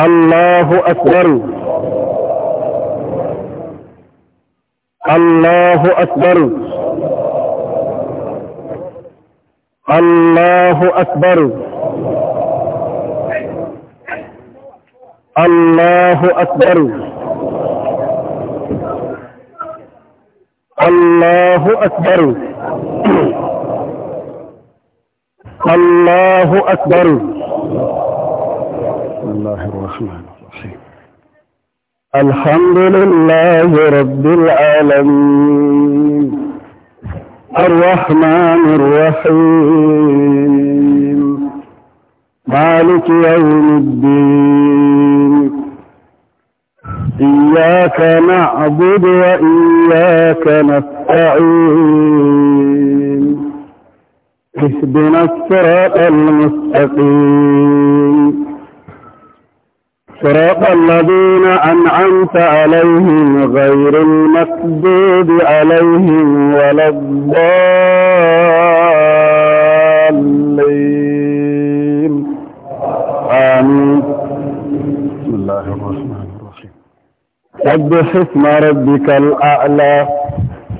الله أكبر الله أكبر الله أكبر الله أكبر الله أكبر الله أكبر بسم الله الرحمن الرحيم الحمد لله رب العالمين الرحمن الرحيم مالك يوم الدين إياك نعبد وإياك نستعين اهدنا الصراط المستقيم صراط الذين أنعمت عليهم غير المكذوب عليهم ولا الضالين آمين بسم الله الرحمن الرحيم سبح اسم ربك الأعلى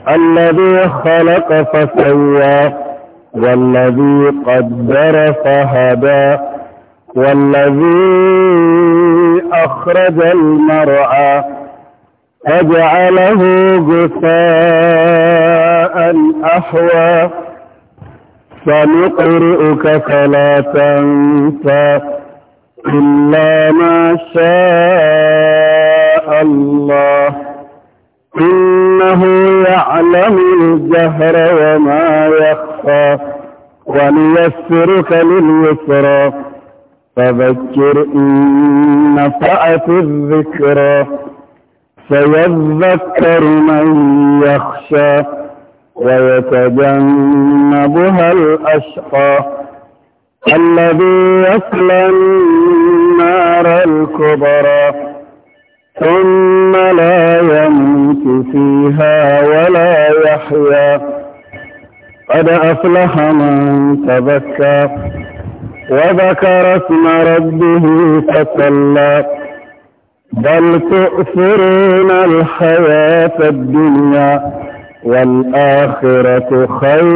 الذي خلق فسوى والذي قدر فهدى والذي أخرج المرعى فجعله غثاء أحوى سنقرئك فلا تنسى إلا ما شاء الله إنه يعلم الجهر وما يخفى وليسرك لليسرى فذكر إن نفعت الذكرى سيذكر من يخشى ويتجنبها الأشقى الذي يصلى النار الكبرى ثم لا يموت فيها ولا يحيا قد أفلح من تذكر وذكر اسم ربه فصلى بل تؤثرون الحياة الدنيا والآخرة خير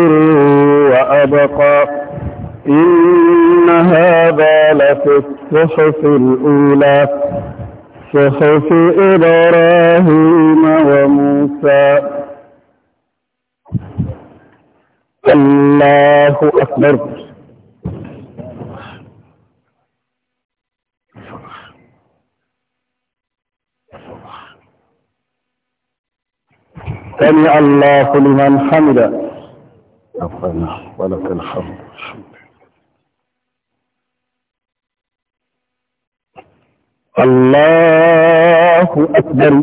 وأبقى إن هذا لفي الصحف الأولى صحف إبراهيم وموسى الله أكبر سمع الله لمن حمده ربنا ولك الحمد الله أكبر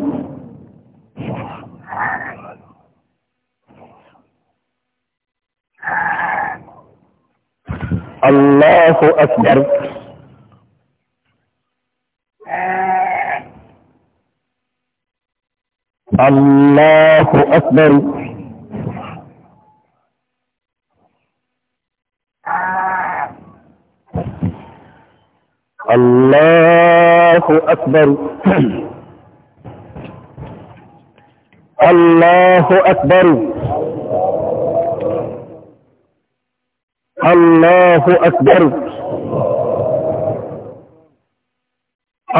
الله أكبر الله أكبر الله أكبر الله أكبر الله أكبر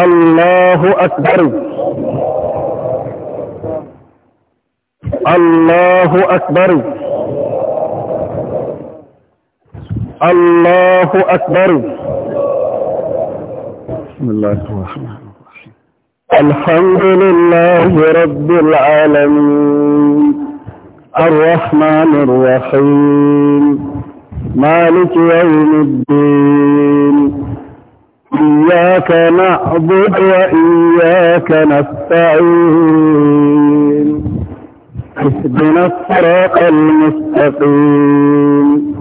الله أكبر الله أكبر الله أكبر بسم الله الرحمن الرحيم الحمد لله رب العالمين الرحمن الرحيم مالك يوم الدين إياك نعبد وإياك نستعين اهدنا الصراط المستقيم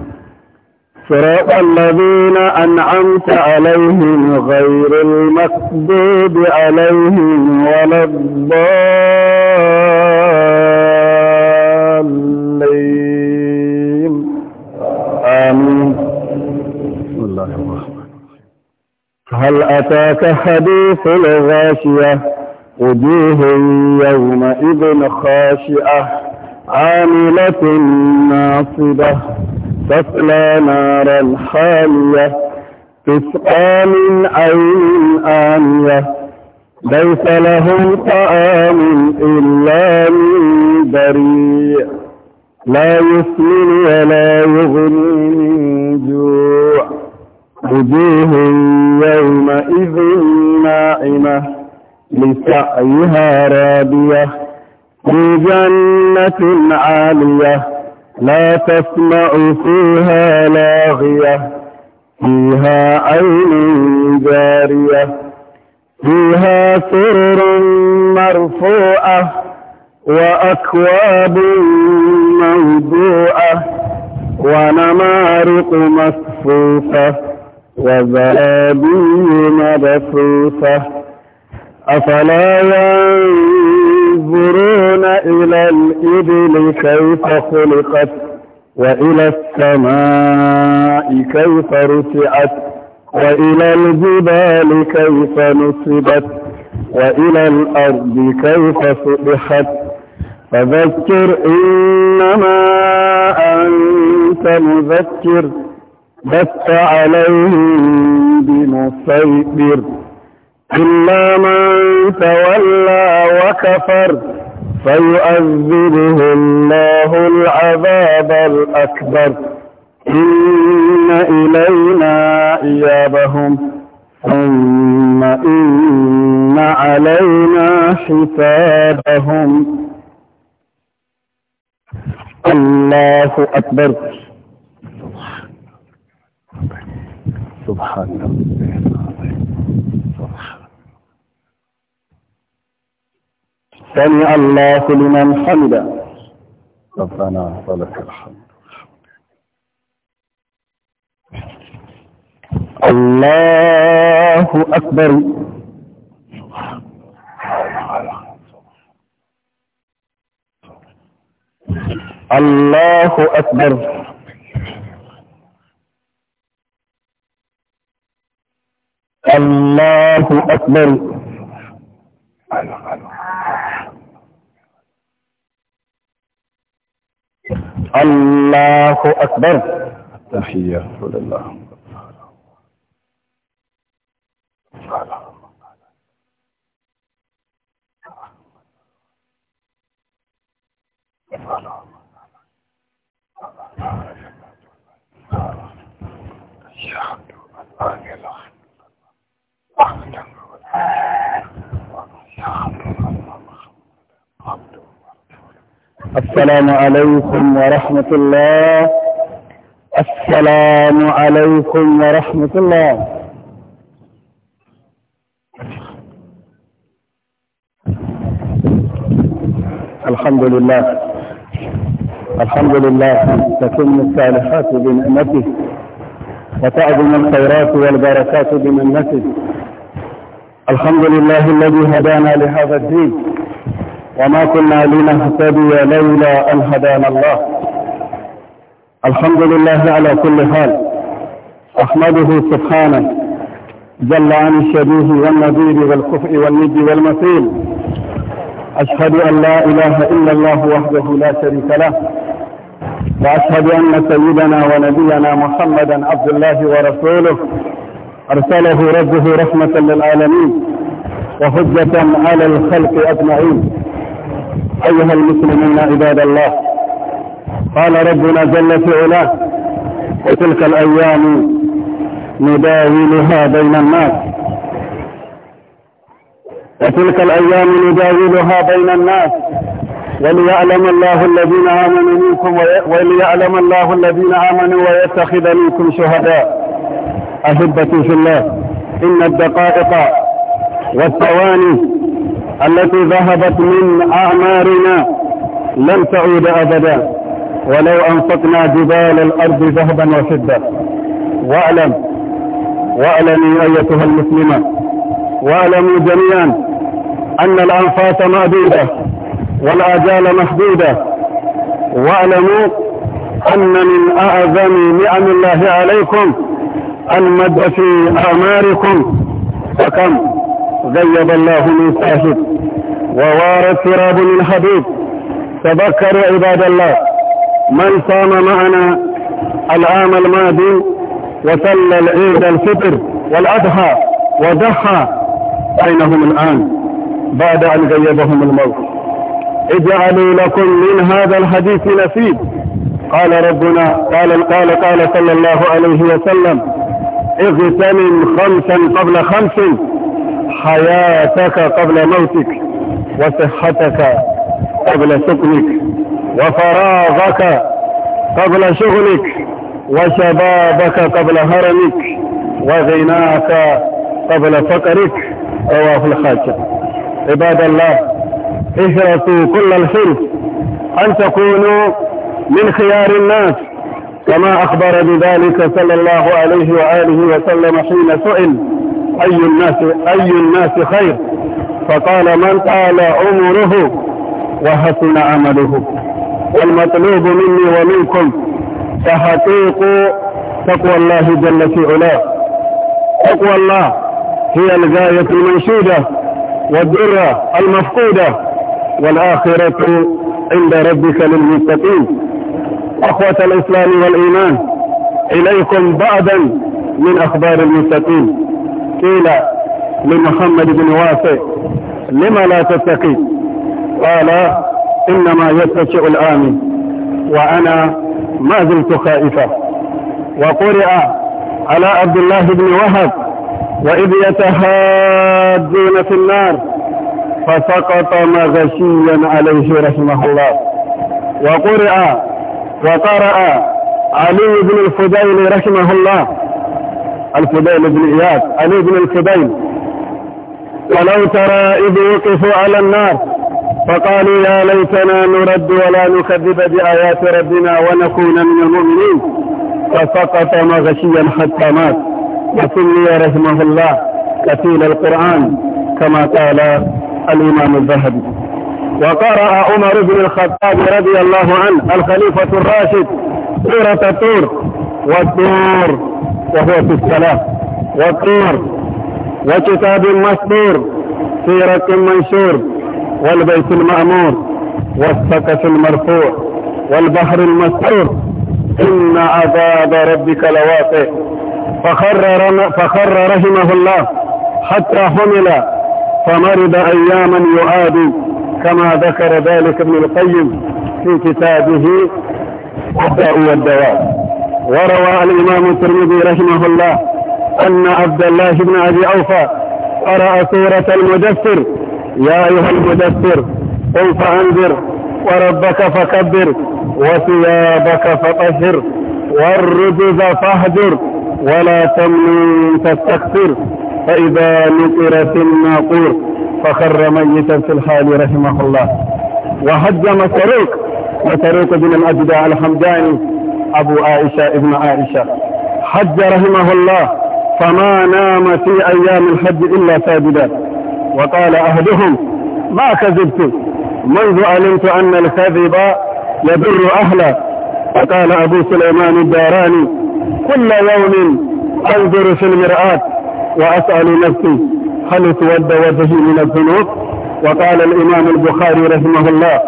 صراط الذين أنعمت عليهم غير المكذوب عليهم ولا الضالين آمين بسم الله الرحمن الرحيم هل أتاك حديث الغاشية وجوه يومئذ خاشعة عاملة ناصبة تصلى نارا حامية تسقى من عين آنية ليس لهم طعام إلا من بريء لا يسمن ولا يغني من جوع وجوه يومئذ ناعمه لسعيها رابية في جنة عالية لا تسمع فيها لاغية فيها عين جارية فيها سرر مرفوعة وأكواب موضوعة ونمارق مصفوفة وزرابي مبثوثة أفلا ينظرون إلى الإبل كيف خلقت وإلى السماء كيف رفعت وإلى الجبال كيف نصبت وإلى الأرض كيف سطحت فذكر إنما أنت مذكر بث عليهم بمصيبر إلا من تولى وكفر فيؤذبه الله العذاب الأكبر إن إلينا إيابهم ثم إن علينا حسابهم الله أكبر سبحان الله سمع الله لمن حمد ربنا ولك الحمد الله أكبر الله أكبر الله أكبر الله أكبر الله أكبر تحيه لله Allah. السلام عليكم ورحمة الله السلام عليكم ورحمة الله الحمد لله الحمد لله تكون الصالحات بنعمته وتعظم الخيرات والبركات بمنته الحمد لله الذي هدانا لهذا الدين وما كنا لنهتدي لولا أن هدانا الله الحمد لله على كل حال أحمده سبحانه جل عن الشبيه والنذير والكفء والند والمثيل أشهد أن لا إله إلا الله وحده لا شريك له وأشهد أن سيدنا ونبينا محمدا عبد الله ورسوله أرسله ربه رحمة للعالمين وحجة على الخلق أجمعين أيها المسلمون عباد الله قال ربنا جل في علاه وتلك الأيام نداولها بين الناس وتلك الأيام نداولها بين الناس وليعلم الله الذين آمنوا منكم وليعلم الله الذين آمنوا ويتخذ منكم شهداء أحبتي في الله إن الدقائق والثواني التي ذهبت من أعمارنا لن تعود أبدا ولو أنفقنا جبال الأرض ذهبا وشدة واعلم واعلمي أيتها المسلمة واعلموا جميعا أن الأنفاس معدودة والآجال محدودة واعلموا أن من أعظم نعم الله عليكم أن في أعماركم فكم غيب الله من صاحب ووار التراب من حبيب تذكروا عباد الله من صام معنا العام الماضي وصلى العيد الفطر والأضحى وضحى أينهم الآن بعد أن غيبهم الموت اجعلوا لكم من هذا الحديث نصيب قال ربنا قال قال قال صلى الله عليه وسلم اغتنم خمسا قبل خمس حياتك قبل موتك وصحتك قبل سكنك وفراغك قبل شغلك وشبابك قبل هرمك وغناك قبل فقرك رواه الخاتم عباد الله احرصوا كل الحرص أن تكونوا من خيار الناس كما أخبر بذلك صلى الله عليه وآله وسلم حين سئل أي الناس, أي الناس خير فقال من قال عمره وحسن عمله والمطلوب مني ومنكم تحقيق تقوى الله جل في علاه تقوى الله هي الغاية المنشودة والدرة المفقودة والآخرة عند ربك للمتقين أخوة الإسلام والإيمان إليكم بعدا من أخبار المتقين قيل لمحمد بن واسع لما لا تتقي قال إنما يستشع الآمن وأنا ما زلت خائفة وقرئ على عبد الله بن وهب وإذ يتهادون في النار فسقط مغشيا عليه رحمه الله وقرئ وقرأ علي بن الفضيل رحمه الله الفضيل بن إياد علي بن الفضيل ولو ترى إذ وقفوا على النار فقالوا يا ليتنا نرد ولا نكذب بآيات ربنا ونكون من المؤمنين فسقط مغشيا حتى مات وسمي رحمه الله كثير القرآن كما قال الإمام الذهبي وقرأ عمر بن الخطاب رضي الله عنه الخليفة الراشد سورة الطور والطور وهو في الصلاة والطور وكتاب مسطور في منشور والبيت المأمور والسقف المرفوع والبحر المسطور إن عذاب ربك لواقع فخر, فخر رحمه الله حتى حمل فمرض أياما يعادي كما ذكر ذلك ابن القيم في كتابه الداء والدواء وروى الإمام الترمذي رحمه الله أن عبد الله بن أبي أوفى قرأ سورة المدثر يا أيها المدثر قم فأنذر وربك فكبر وثيابك فطهر والرجز فاهجر ولا تمنن تستكثر فإذا في الناقور فخر ميتا في الحال رحمه الله وهجم سروق وسروق بن الأجدع الحمداني أبو عائشة ابن عائشة حج رحمه الله فما نام في أيام الحج إلا ساجدا وقال أهدهم ما كذبت منذ علمت أن الكذب يضر أهله وقال أبو سليمان الداراني كل يوم أنظر في المرآة وأسأل نفسي هل تود وجهي من الذنوب وقال الإمام البخاري رحمه الله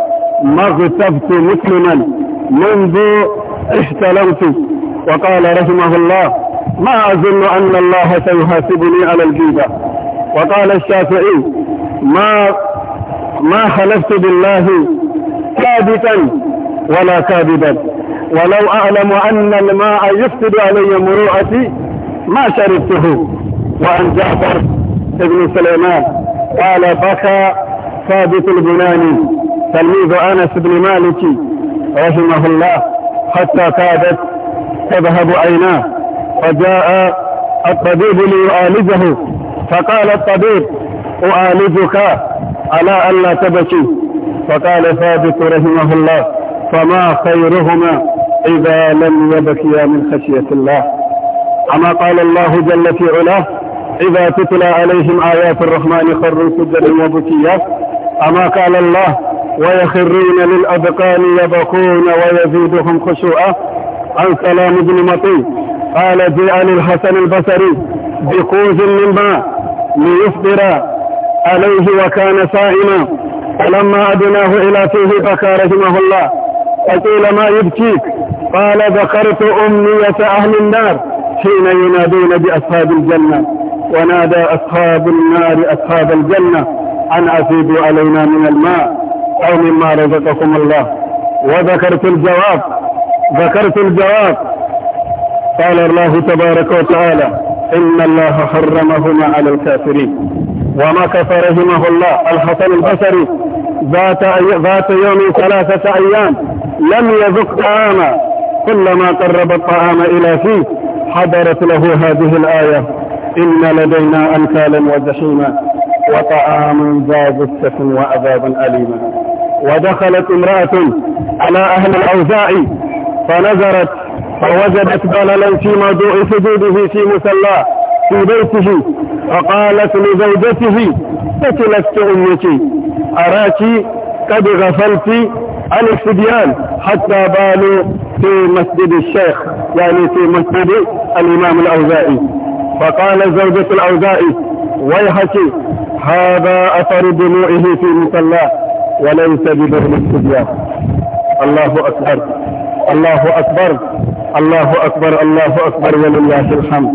ما اغتبت مسلما منذ احتلمت وقال رحمه الله ما أظن أن الله سيحاسبني على الجيبة وقال الشافعي ما ما خلفت بالله ثابتا ولا كاذبا ولو أعلم أن الماء يفسد علي مروءتي ما شربته وعن جعفر بن سليمان قال بكى ثابت البناني تلميذ أنس بن مالك رحمه الله حتى كادت تذهب عيناه فجاء الطبيب ليعالجه فقال الطبيب أعالجك على ألا تبكي فقال ثابت رحمه الله فما خيرهما إذا لم يبكيا من خشية الله أما قال الله جل في علاه إذا تتلى عليهم آيات الرحمن خروا سجدا وبكيا أما قال الله ويخرون للأذقان يبكون ويزيدهم خشوعا عن سلام بن مطي قال جاء للحسن البصري بكوز من ماء ليفطر عليه وكان صائما فلما أدناه إلى فيه بكى رحمه الله فقيل ما يبكيك قال ذكرت أمنية أهل النار حين ينادون بأصحاب الجنة ونادى أصحاب النار أصحاب الجنة أن أفيدوا علينا من الماء أو مما رزقكم الله وذكرت الجواب ذكرت الجواب قال الله تبارك وتعالى إن الله حرمهما على الكافرين ومكث رحمه الله الحسن البصري ذات ذات يوم ثلاثة أيام لم يذق طعاما كلما قرب الطعام إلى فيه حضرت له هذه الآية إن لدينا أنكالا وجحيما وطعام ذا غصة وعذابا أليما ودخلت امرأة على أهل الأوزاع فنظرت فوجدت بللا في موضوع سجوده في مسلاه في بيته فقالت لزوجته قتلت أمك أراك قد غفلت عن الصبيان حتى بالوا في مسجد الشيخ يعني في مسجد الإمام الاوزاعي فقال زوجة الاوزاعي ويحك هذا أثر دموعه في مسلاه وليس ببذل الصبيان الله أكبر الله أكبر الله أكبر الله أكبر ولله الحمد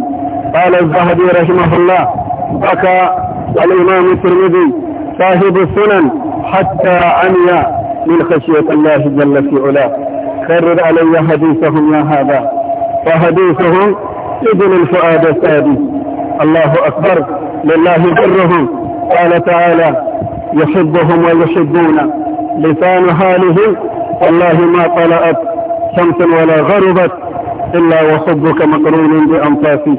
قال الذهبي رحمه الله بكى الإمام الترمذي صاحب السنن حتى عمي من خشية الله جل في علاه كرر علي حديثهم يا هذا فحديثهم ابن الفؤاد السادي الله أكبر لله برهم قال تعالى يحبهم ويحبون لسان حالهم والله ما طلعت شمس ولا غربت إلا وحبك مقرون بأنفاسي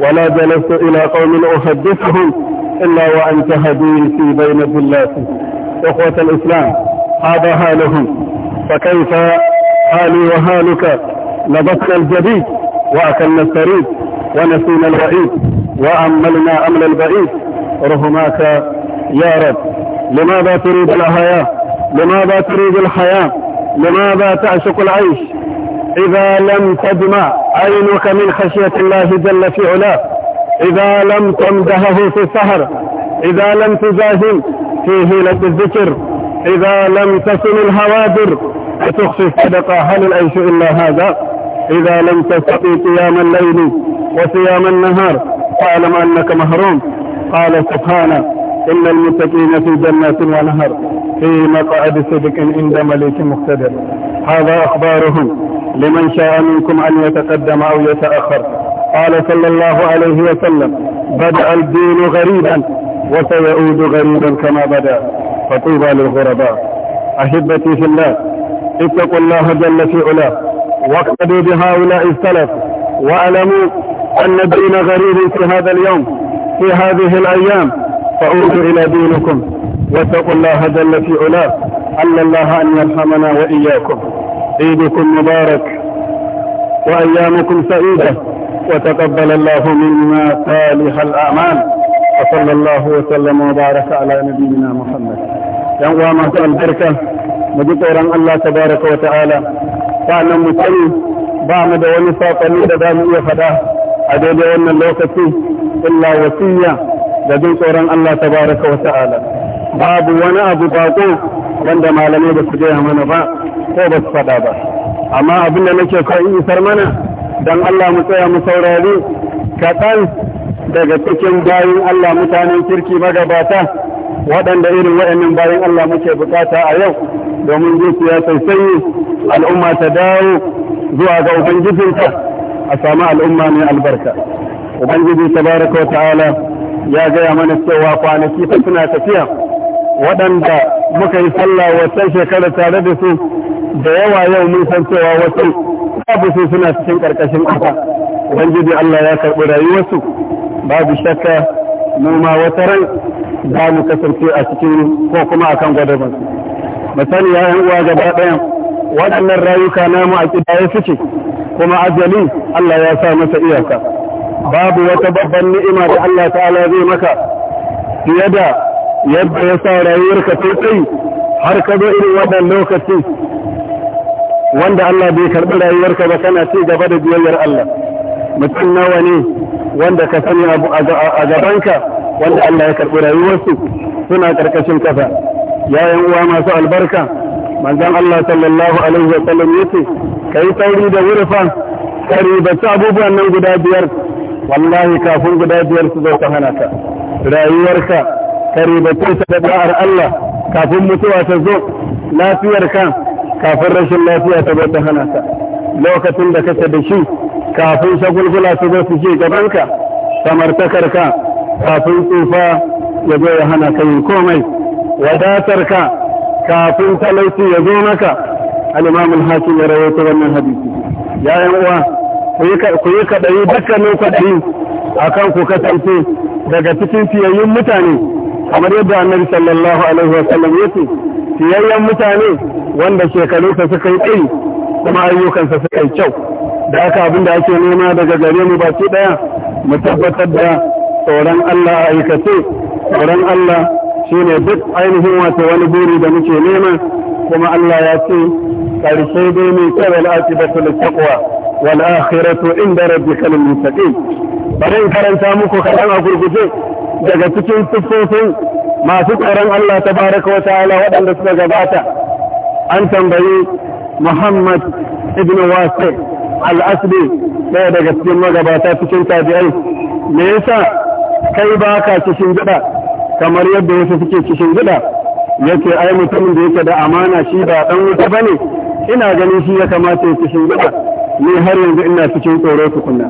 ولا جلست إلى قوم أحدثهم إلا وأنت هدين في بين ذلاتي إخوة الإسلام هذا حالهم فكيف حالي وحالك نبتنا الجديد وأكلنا السريد ونسينا الرئيس وأملنا أمل البعيد رهماك يا رب لماذا تريد الحياة لماذا تريد الحياة لماذا تعشق العيش إذا لم تدمع عينك من خشية الله جل في علاه إذا لم تمدهه في السهر إذا لم تزاهم في هيلة الذكر إذا لم تصل الهوادر وتخفي الصدقة هل العيش إلا هذا إذا لم تستطيع قيام الليل وصيام النهار فاعلم أنك مهروم قال سبحانه إن المتقين في جنات ونهر في مقعد صدق عند مليك مقتدر هذا أخبارهم لمن شاء منكم أن يتقدم أو يتأخر قال صلى الله عليه وسلم بدأ الدين غريبا وسيعود غريبا كما بدأ فطوبى للغرباء أحبتي في الله اتقوا الله جل في علاه واقتدوا بهؤلاء السلف واعلموا أن الدين غريب في هذا اليوم في هذه الأيام فعودوا إلى دينكم واتقوا الله جل في علاه عل الله أن يرحمنا وإياكم عيدكم مبارك وأيامكم سعيدة وتقبل الله منا صالح الأعمال وصلى الله وسلم وبارك على نبينا محمد يعني ما البركة مجدورا الله تبارك وتعالى فأنا مسلم بعمد ونساء قليل دامي فدا أدود أن اللوكة illa wasiya da jin tsoron Allah tabaraka wa ta'ala babu wani abu bako wanda malamai ba su gaya mana ba ko ba su faɗa ba amma abin da nake so in isar mana dan Allah mu tsaya mu saurari kaɗan daga cikin bayin Allah mutanen kirki magabata waɗanda irin waɗannan bayin Allah muke bukata a yau domin zuciya sanyi al'umma ta dawo zuwa ga ubangijinta a sami al'umma mai albarka ubangiji tabaraka wa ta'ala ya gaya mana cewa kwanaki fa suna tafiya waɗanda muka yi sallah wasan shekara tare da su da yawa yau mun san cewa wasu babu su suna cikin ƙarƙashin ƙasa ubangiji Allah ya karɓi rayuwarsu babu shakka mu ma wata ran za mu kasance a cikin ko kuma akan gwadaban misali ya yan uwa gaba ɗaya waɗannan rayuka namu a ƙidaye suke kuma ajali Allah ya sa masa iyaka babu wata babban ni'ima da Allah ta'ala zai maka fiye da yadda ya sa rayuwarka ta tsayi har ka zo irin wannan lokaci wanda Allah bai karɓi rayuwarka ba kana ci gaba da biyayyar Allah mutum nawa ne wanda ka sani a gabanka wanda Allah ya karɓi rayuwarsu suna ƙarƙashin kasa 'yan uwa masu albarka manzon Allah sallallahu alaihi wa sallam yace kai sauri da wurfa ka ribaci abubuwan nan guda biyar wallahi kafin guda biyar su zo ta hana ka rayuwarka ka ribace ta da da'ar Allah kafin mutuwa ta zo lafiyarka kafin rashin lafiya ta zo ta hana ka lokacin da kake da shi kafin shagulgula su zo su ci gabanka samartakarka kafin tsufa ya zo ya hana ka yin komai wadatarka kafin talauci ya zo maka al-imam al-hakim ya rawaito wannan hadisi ya yan uwa ku yi kaɗari dukkanin kwaɗari a kan ku kasance daga cikin fiyayyun mutane kamar yadda annabi sallallahu alaihi wasallam ya ce fiyayyen mutane wanda shekarunsa suka yi tsayi kuma ayyukansa suka yi kyau da aka abin da ake nema daga gare mu baki ɗaya mu tabbatar da tsoron Allah a aikace tsoron Allah shi ne duk ainihin wato wani buri da muke nema kuma Allah ya ce ƙarshe dai mai kyau al'aqibatu lit wal akhiratu inda rabbikal muttaqin bari in karanta muku kaɗan a gurguje daga cikin siffofin masu tsaron Allah ta baraka wa ta'ala waɗanda suka gabata an tambayi Muhammad ibn Wasi al-Asli ɗaya daga cikin magabata cikin tabi'ai me yasa kai baka kishin gida kamar yadda wasu suke cikin gida yace ai mutumin da yake da amana shi ba dan wuta ne? ina ganin shi ya kamata ya cikin gida ni har yanzu ina cikin tsoro tukunna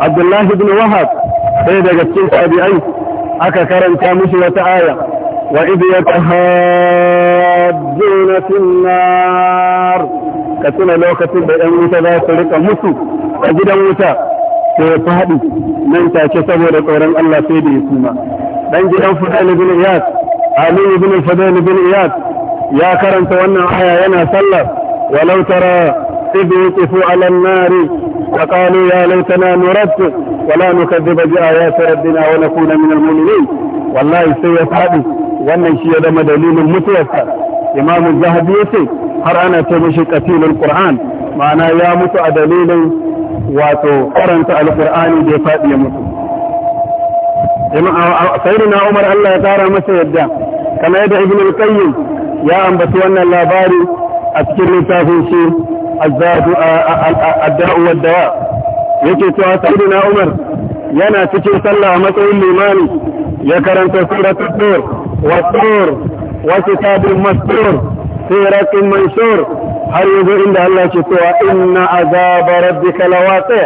abdullahi bin wahab sai daga cikin tabi'ai aka karanta mishi wata aya wa idh yatahajjuna fin nar ka tuna lokacin da yan wuta za su rika mutu a gidan wuta sai ya faɗi nan take saboda tsoron Allah sai da ya suma dan gidan Fudail bin Iyad Ali bin Fudail bin Iyad ya karanta wannan aya yana sallah walau tara إذ وقفوا على النار وقالوا يا ليتنا نرد ولا نكذب بآيات ربنا ونكون من المؤمنين والله سيء فادي وأن الشيء ده دليل متوفى إمام الزهد يسي هر أنا تمشي قتيل القرآن معنا يا متو دليل واتو قرنت القرآن دي فادي متو سيدنا عمر الله يتارى مسي يدى كما يدعي ابن القيم يا أنبتو أن الله باري أتكر لتافي azzadu adda'u waddawa yake cewa sayyidina Umar yana cikin sallah a matsayin limami ya karanta suratul tur wa tur wa kitabul mastur siratul har yanzu inda Allah ke cewa inna azaba rabbika lawaqi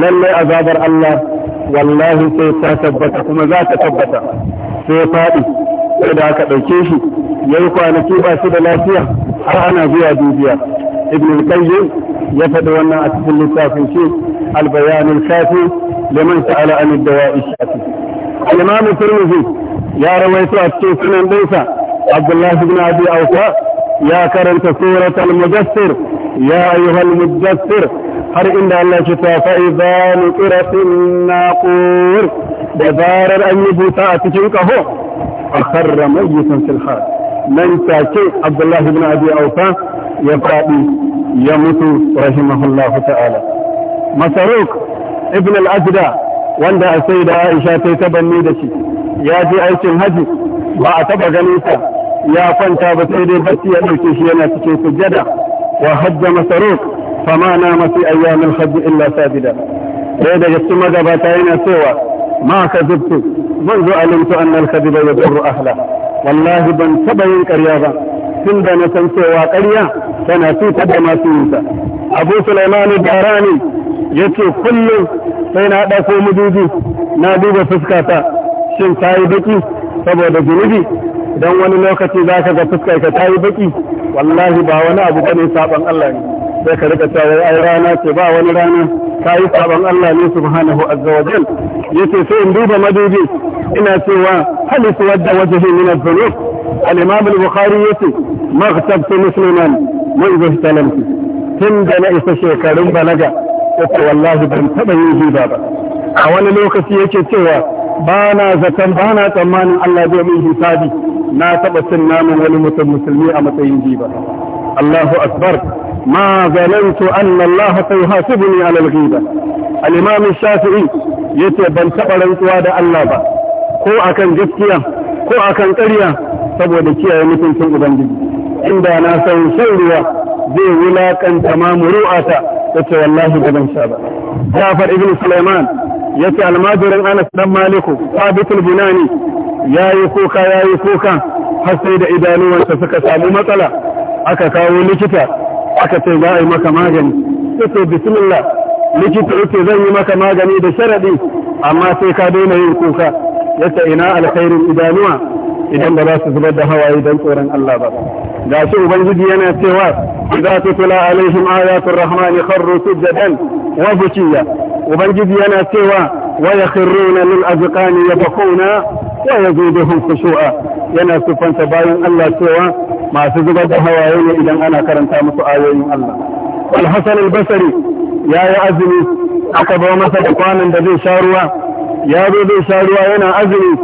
lalle azabar Allah wallahi sai ta tabbata kuma za ta tabbata sai faɗi sai da aka ɗauke shi yayi kwanaki basu da lafiya har ana zuwa dubiya ابن القيم يفد ان اتت للكافي شيخ البيان الكافي لمن سال عن الدواء الشافي. الامام الترمذي يا رويت اتيت من بيسا عبد الله بن ابي اوفاء يا كرمت سوره المدثر يا ايها المدثر هل ان الله شفا فاذا نقرت الناقور دار ان بوتا اتيت هو اخر ميت في الحال nan take Abdullahi bin Abi Aufa ya faɗi ya mutu rahimahullahu ta'ala Masaruk ibn al-Ajda wanda a sai da Aisha ta tabanni da shi ya je aikin haji ba a taba ganin sa ya kwanta ba sai dai bacci ya dauke shi yana cikin sujada wa hajja Masaruk fama nama fi ayyamil hajji illa sabida ɗaya daga cikin magabata yana cewa ma kadibtu man zo alimtu anna al-kadhiba yadurru ahla wallahi ban taba yin karya ba tun da na san cewa ƙarya tana cutar da masu yin ta abu sulaimani barani yace kullum sai na ɗauko mudubi na duba fuskata shin ta yi baki saboda zunubi don wani lokaci za ka ga fuska ka ta yi baki wallahi ba wani abu bane saban Allah ne sai ka rika cewa ai rana ce ba wani rana ta yi saban Allah ne subhanahu azza yace sai in duba madubi ina cewa hal suwadda wajhi min adh al-imam al-bukhari yace maghtabtu musliman wa idha Tun tunda na isa shekarun balaga yace wallahi ban taba yin hiba ba a wani lokaci yake cewa ba na zaton ba na tsammanin Allah zai min hisabi na taba cin naman wani mutum musulmi a matsayin jiba Allahu akbar to ظننت أن الله سيحاسبني على الغيبة الإمام Shafi'i. yace ban taɓa rantsuwa da Allah ba ko akan gaskiya ko akan ƙarya saboda kiyaye mutuncin ubangiji inda na san shan ruwa zai wulakanta ma muru'ata yace wallahi da ban sha ba Jafar ibn Sulaiman yace almajirin Anas dan Maliku Sabitul Bunani yayi kuka yayi kuka har sai da idanuwansa suka samu matsala aka kawo likita aka ce za a yi maka magani sai bismillah likita yake zan yi maka magani da sharaɗi amma sai ka daina yin kuka yadda ina alkhairin idanuwa idan ba za su zubar da hawaye don tsoron Allah ba ga shi ubangiji yana cewa idza tutla alaihim ayatul rahman kharru sujadan wa bukiya ubangiji yana cewa wa yakhruna lil azqani yabquna wa yaziduhum khushu'a yana sufanta bayan Allah cewa masu zubar da hawaye ne idan ana karanta musu ayoyin Allah al-Hasan al-Basri ya yi azumi aka zo masa da kwanan da zai sha ruwa ya zo zai sha ruwa yana azumi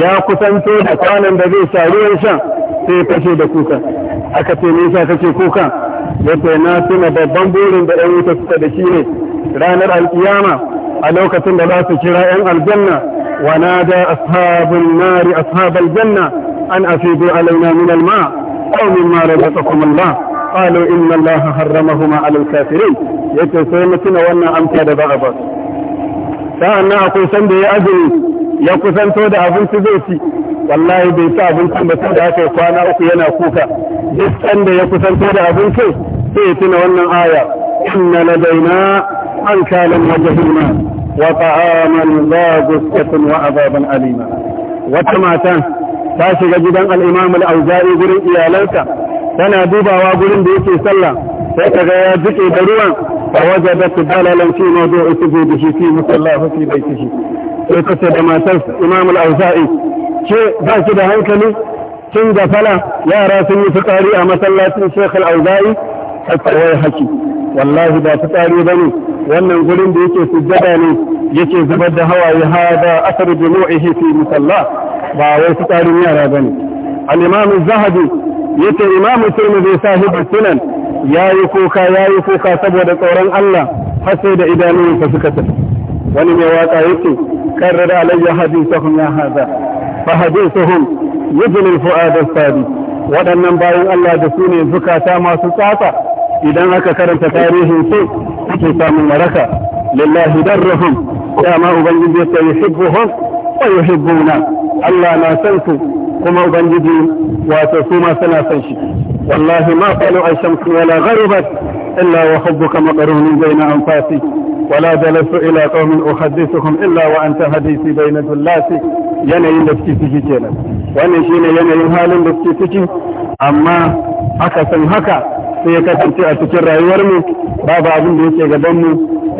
ya kusanto da kwanan da zai sha ruwan sha sai fashe da kuka aka ce nisa kake kuka yadda na tuna babban burin da 'yan wuta suka da shi ne ranar alkiyama a lokacin da za su kira 'yan aljanna wa nada ashabun nari ashabal janna an afidu alaina min alma aw mimma razaqakum Allah qalu inna allaha harramahuma yace sai mutuna wannan amsa da ba ba sa'annan akwai san ya azumi ya kusanto zai ci wallahi bai kwana uku yana kuka duk san ya kusanto da abincin sai ya wannan aya inna ladaina wata mata ta shiga gidan al al gurin iyalanka tana dubawa gurin da yake sallah sai ga ya jike da ruwan fa wajadat dalalan fi mawdu'i sujudihi fi musallahu fi baitihi sai ta ce da matar Imam al-Auza'i ce ba ki da hankali kin gafala yara sun yi fitsari a masallacin Sheikh al-Auza'i hatta wai haki wallahi ba ba ne. wannan gurin da yake sujjada ne yake zubar da hawaye hada asar jumu'ihi fi musalla ba wai fitsarin yara bane al-Imam az-Zahabi yace imamu tirmidhi sahibu sunan yayi kuka yayi kuka saboda tsoron Allah har sai da idanunsa suka tafi wani mai waka yace karrar alayya hadithahum ya hadha fa hadithuhum yujli al-fu'ada waɗannan bayan Allah da su ne zukata masu tsatsa idan aka karanta tarihin su ake samun waraka lillahi darrahum dama ubangiji ya yuhibbuhum wa yuhibbuna Allah na san su kuma ubangiji wato su ma suna son shi wallahi ma qalu ay shamsu wala gharibat illa wa hubbuka maqrunun bayna anfasi wala jalasu ila qaumin uhaddithuhum illa wa anta hadisi bayna dullati yanayin da suke ciki kenan wannan shine yanayin halin da suke ciki amma aka san haka sai ya kasance a cikin rayuwarmu babu abin da yake mu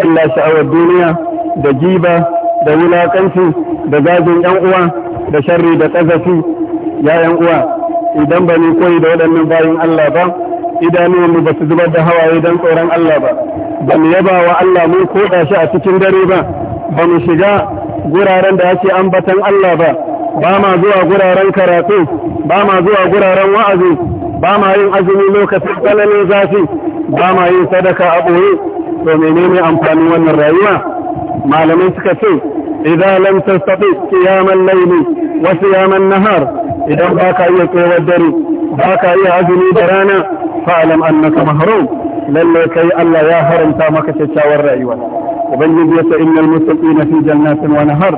illa sha'awar duniya da giba da wulakanci da zagin yan uwa da sharri da ƙazafi ya yan uwa idan ba ni koyi da waɗannan bayin Allah ba idanuwanmu ba su zubar da hawaye don tsoron Allah ba ba mu yaba wa Allah mu ko shi a cikin dare ba ba mu shiga guraren da ake ambatan Allah ba ba ma zuwa guraren karatu ba ma zuwa guraren wa'azi ba ma yin azumi lokacin tsananin zafi ba ma yin sadaka a ɓoye to menene amfanin wannan rayuwa malamai suka ce idan lam tastati qiyamal layli wa siyaman nahar idan ba ka iya tsohon dare ba ka iya azumi da rana fa'alam annaka mahrum lalle kai Allah ya haramta maka kyakkyawar rayuwa ubangiji yasa innal muttaqina fi jannatin wa nahar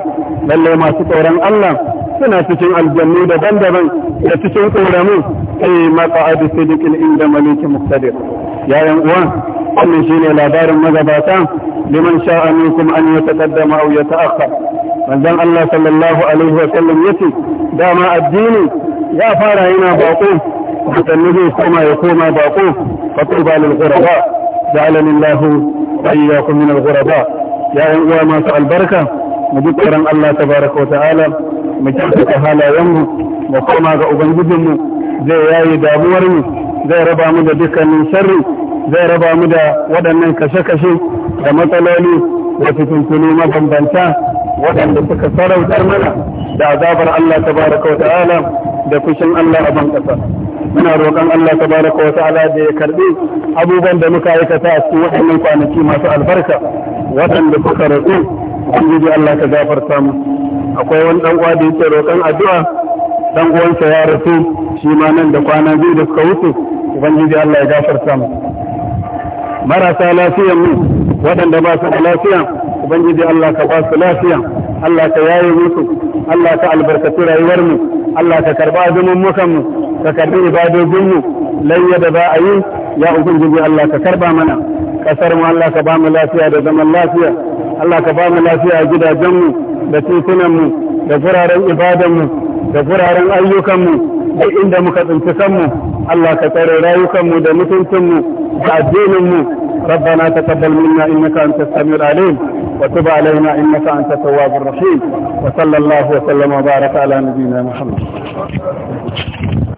lalle masu tsoron Allah suna cikin aljannu daban-daban da cikin tsoramu sai maqa'ad sidiqin inda malikin muqtadir yayan uwa wannan shine labarin magabata liman sha'a minkum an yataqaddama aw yata'akhkhar manzon Allah sallallahu alaihi wa sallam yace dama addini ya fara yana bako sannan zai koma ya koma bako fa tuba lil ghuraba ja'alani Allah wa iyyakum min al ghuraba ya yan uwa masu albarka mu bi tsoron Allah tabaraka wa ta'ala mu kyautata halayenmu mu koma ga ubangijinmu zai yayi damuwarmu zai raba mu da dukkanin sharri zai raba mu da waɗannan kashe-kashe da matsaloli da fitintunu mabambanta waɗanda suka sarautar mana da azabar Allah baraka wa ta'ala da fushin Allah a ban ƙasa muna roƙon Allah tabaraka wa ta'ala da ya karɓi abubuwan da muka aikata a cikin waɗannan kwanaki masu albarka waɗanda suka rasu ubangiji Allah ka gafarta mu akwai wani ɗan uwa da yake roƙon addu'a ɗan uwansa ya rasu shi ma nan da kwana biyu da suka wuce ubangiji Allah ya gafarta mu marasa lafiyan mu waɗanda ba su da lafiya ubangiji Allah ka ba su lafiya Allah ka yaye musu Allah ka albarkaci rayuwar mu Allah ka karba azumin mukan mu ka karbi ibadojin mu layya da za a yi ya ubangiji Allah ka karba mana kasar mu Allah ka ba mu lafiya da zaman lafiya Allah ka ba mu lafiya a gidajen mu da titunan mu da guraren ibadan mu da guraren ayyukan mu da inda muka tsinci kanmu Allah ka tsare rayukan mu da mutuncin mu da addinin mu ربنا تقبل منا إنك أنت السميع العليم وتب علينا إنك أنت التواب الرحيم وصلى الله وسلم وبارك على نبينا محمد